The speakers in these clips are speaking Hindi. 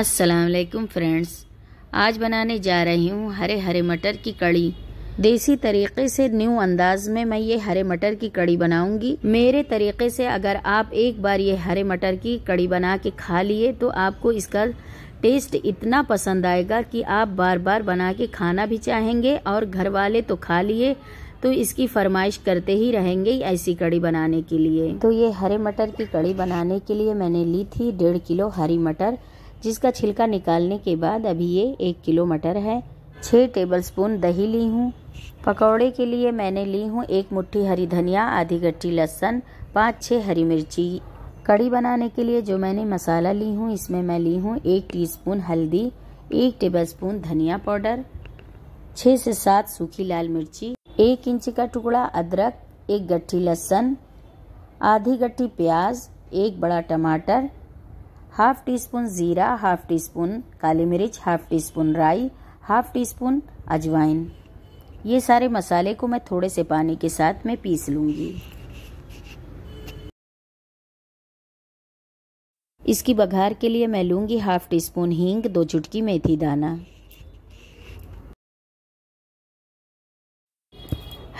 असलकुम फ्रेंड्स आज बनाने जा रही हूँ हरे हरे मटर की कड़ी देसी तरीके से न्यू अंदाज में मैं ये हरे मटर की कड़ी बनाऊंगी मेरे तरीके से अगर आप एक बार ये हरे मटर की कड़ी बना के खा लिए तो आपको इसका टेस्ट इतना पसंद आएगा कि आप बार बार बना के खाना भी चाहेंगे और घर वाले तो खा लिए तो इसकी फरमाइश करते ही रहेंगे ऐसी कड़ी बनाने के लिए तो ये हरे मटर की कड़ी बनाने के लिए मैंने ली थी डेढ़ किलो हरी मटर जिसका छिलका निकालने के बाद अभी ये एक किलो मटर है छः टेबलस्पून दही ली हूँ पकौड़े के लिए मैंने ली हूँ एक मुट्ठी हरी धनिया आधी गट्टी लहसन पाँच छः हरी मिर्ची कड़ी बनाने के लिए जो मैंने मसाला ली हूँ इसमें मैं ली हूँ एक टीस्पून हल्दी एक टेबलस्पून धनिया पाउडर छः से सात सूखी लाल मिर्ची एक इंच का टुकड़ा अदरक एक गट्ठी लहसन आधी गट्ठी प्याज एक बड़ा टमाटर हाफ टी स्पून ज़ीरा हाफ टी स्पून काली मिर्च हाफ टी स्पून राई हाफ टी स्पून अजवाइन ये सारे मसाले को मैं थोड़े से पानी के साथ में पीस लूंगी इसकी बघार के लिए मैं लूंगी हाफ टी स्पून हींग दो चुटकी मेथी दाना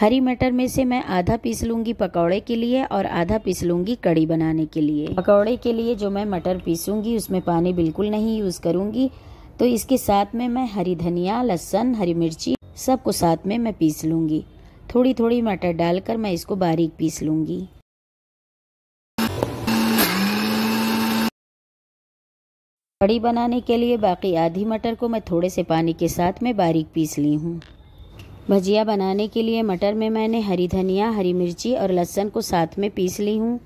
हरी मटर में से मैं आधा पीस लूँगी पकौड़े के लिए और आधा पीस लूँगी कड़ी बनाने के लिए पकौड़े के लिए जो मैं मटर पीसूँगी उसमें पानी बिल्कुल नहीं यूज़ करूँगी तो इसके साथ में मैं हरी धनिया लहसन हरी मिर्ची सबको साथ में मैं पीस लूँगी थोड़ी थोड़ी मटर डालकर मैं इसको बारीक पीस लूँगी कड़ी बनाने के लिए बाकी आधी मटर को मैं थोड़े से पानी के साथ में बारीक पीस ली हूँ भजिया बनाने के लिए मटर में मैंने हरी धनिया हरी मिर्ची और लहसुन को साथ में पीस ली हूँ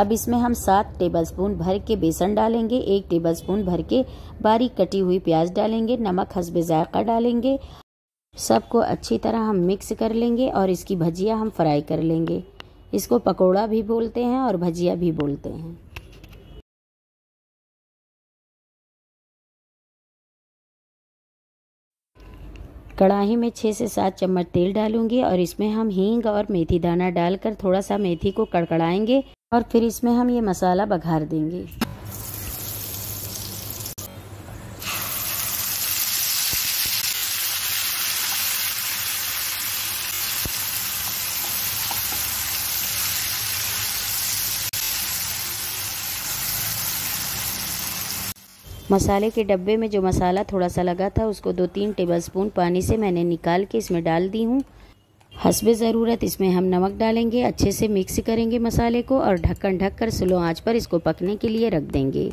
अब इसमें हम सात टेबलस्पून भर के बेसन डालेंगे एक टेबलस्पून भर के बारीक कटी हुई प्याज डालेंगे नमक हसबे ज़ायक़ा डालेंगे सबको अच्छी तरह हम मिक्स कर लेंगे और इसकी भजिया हम फ्राई कर लेंगे इसको पकौड़ा भी बोलते हैं और भजिया भी बोलते हैं कढ़ाही में छः से सात चम्मच तेल डालूंगी और इसमें हम हींग और मेथी दाना डालकर थोड़ा सा मेथी को कड़कड़ाएंगे और फिर इसमें हम ये मसाला बघार देंगे मसाले के डब्बे में जो मसाला थोड़ा सा लगा था उसको दो तीन टेबलस्पून पानी से मैंने निकाल के इसमें डाल दी हूँ हसब ज़रूरत इसमें हम नमक डालेंगे अच्छे से मिक्स करेंगे मसाले को और ढक्कन ढक कर स्लो आँच पर इसको पकने के लिए रख देंगे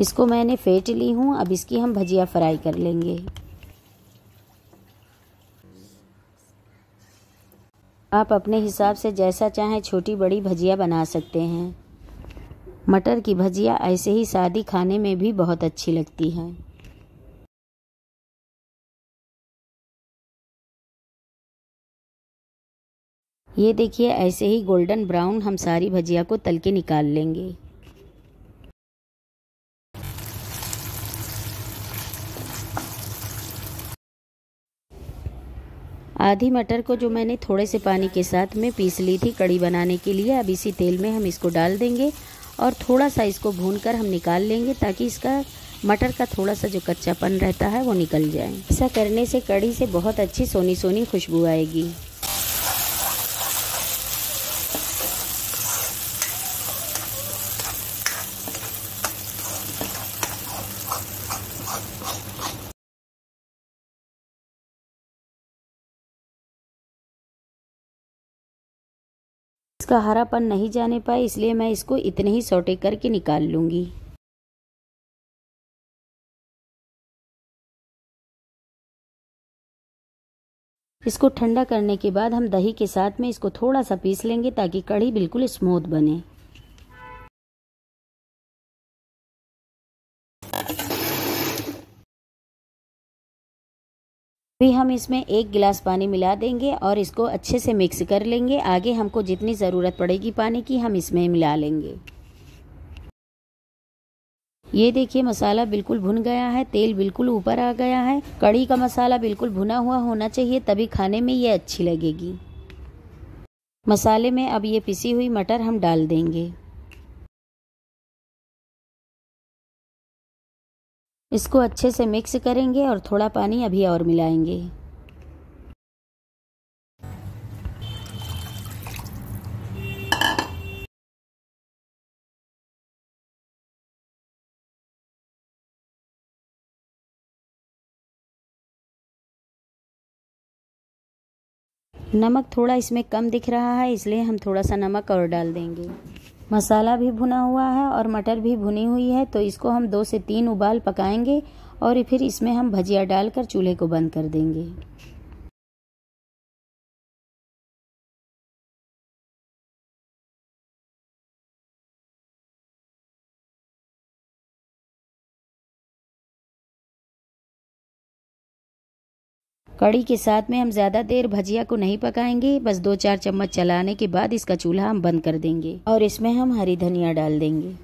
इसको मैंने फेंट ली हूँ अब इसकी हम भजिया फ्राई कर लेंगे आप अपने हिसाब से जैसा चाहें छोटी बड़ी भजिया बना सकते हैं मटर की भजिया ऐसे ही सादी खाने में भी बहुत अच्छी लगती है ये देखिए ऐसे ही गोल्डन ब्राउन हम सारी भजिया को तल के निकाल लेंगे आधी मटर को जो मैंने थोड़े से पानी के साथ में पीस ली थी कड़ी बनाने के लिए अब इसी तेल में हम इसको डाल देंगे और थोड़ा सा इसको भून कर हम निकाल लेंगे ताकि इसका मटर का थोड़ा सा जो कच्चापन रहता है वो निकल जाए ऐसा करने से कढ़ी से बहुत अच्छी सोनी सोनी खुशबू आएगी इसका हरापन नहीं जाने पाए इसलिए मैं इसको इतने ही सोटे करके निकाल लूँगी इसको ठंडा करने के बाद हम दही के साथ में इसको थोड़ा सा पीस लेंगे ताकि कढ़ी बिल्कुल स्मूथ बने अभी हम इसमें एक गिलास पानी मिला देंगे और इसको अच्छे से मिक्स कर लेंगे आगे हमको जितनी ज़रूरत पड़ेगी पानी की हम इसमें मिला लेंगे ये देखिए मसाला बिल्कुल भुन गया है तेल बिल्कुल ऊपर आ गया है कड़ी का मसाला बिल्कुल भुना हुआ होना चाहिए तभी खाने में ये अच्छी लगेगी मसाले में अब ये पिसी हुई मटर हम डाल देंगे इसको अच्छे से मिक्स करेंगे और थोड़ा पानी अभी और मिलाएंगे नमक थोड़ा इसमें कम दिख रहा है इसलिए हम थोड़ा सा नमक और डाल देंगे मसाला भी भुना हुआ है और मटर भी भुनी हुई है तो इसको हम दो से तीन उबाल पकाएंगे और फिर इसमें हम भजिया डालकर चूल्हे को बंद कर देंगे कड़ी के साथ में हम ज़्यादा देर भजिया को नहीं पकाएंगे बस दो चार चम्मच चलाने के बाद इसका चूल्हा हम बंद कर देंगे और इसमें हम हरी धनिया डाल देंगे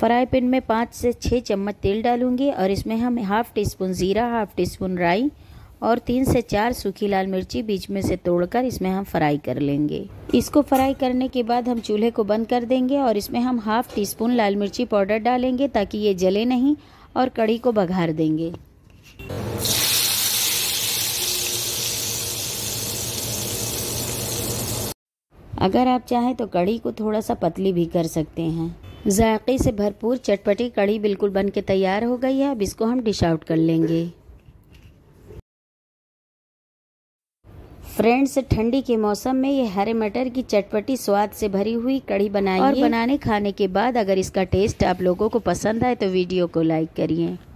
फ्राई पैन में पाँच से छः चम्मच तेल डालूंगी और इसमें हम हाफ़ टी स्पून ज़ीरा हाफ़ टी स्पून राई और तीन से चार सूखी लाल मिर्ची बीच में से तोड़कर इसमें हम फ्राई कर लेंगे इसको फ्राई करने के बाद हम चूल्हे को बंद कर देंगे और इसमें हम हाफ़ टी स्पून लाल मिर्ची पाउडर डालेंगे ताकि ये जले नहीं और कड़ी को बघार देंगे अगर आप चाहें तो कड़ी को थोड़ा सा पतली भी कर सकते हैं जायके से भरपूर चटपटी कड़ी बिल्कुल बन के तैयार हो गई है अब इसको हम डिश आउट कर लेंगे फ्रेंड्स ठंडी के मौसम में ये हरे मटर की चटपटी स्वाद से भरी हुई कड़ी बनाइए और बनाने खाने के बाद अगर इसका टेस्ट आप लोगों को पसंद आए तो वीडियो को लाइक करिए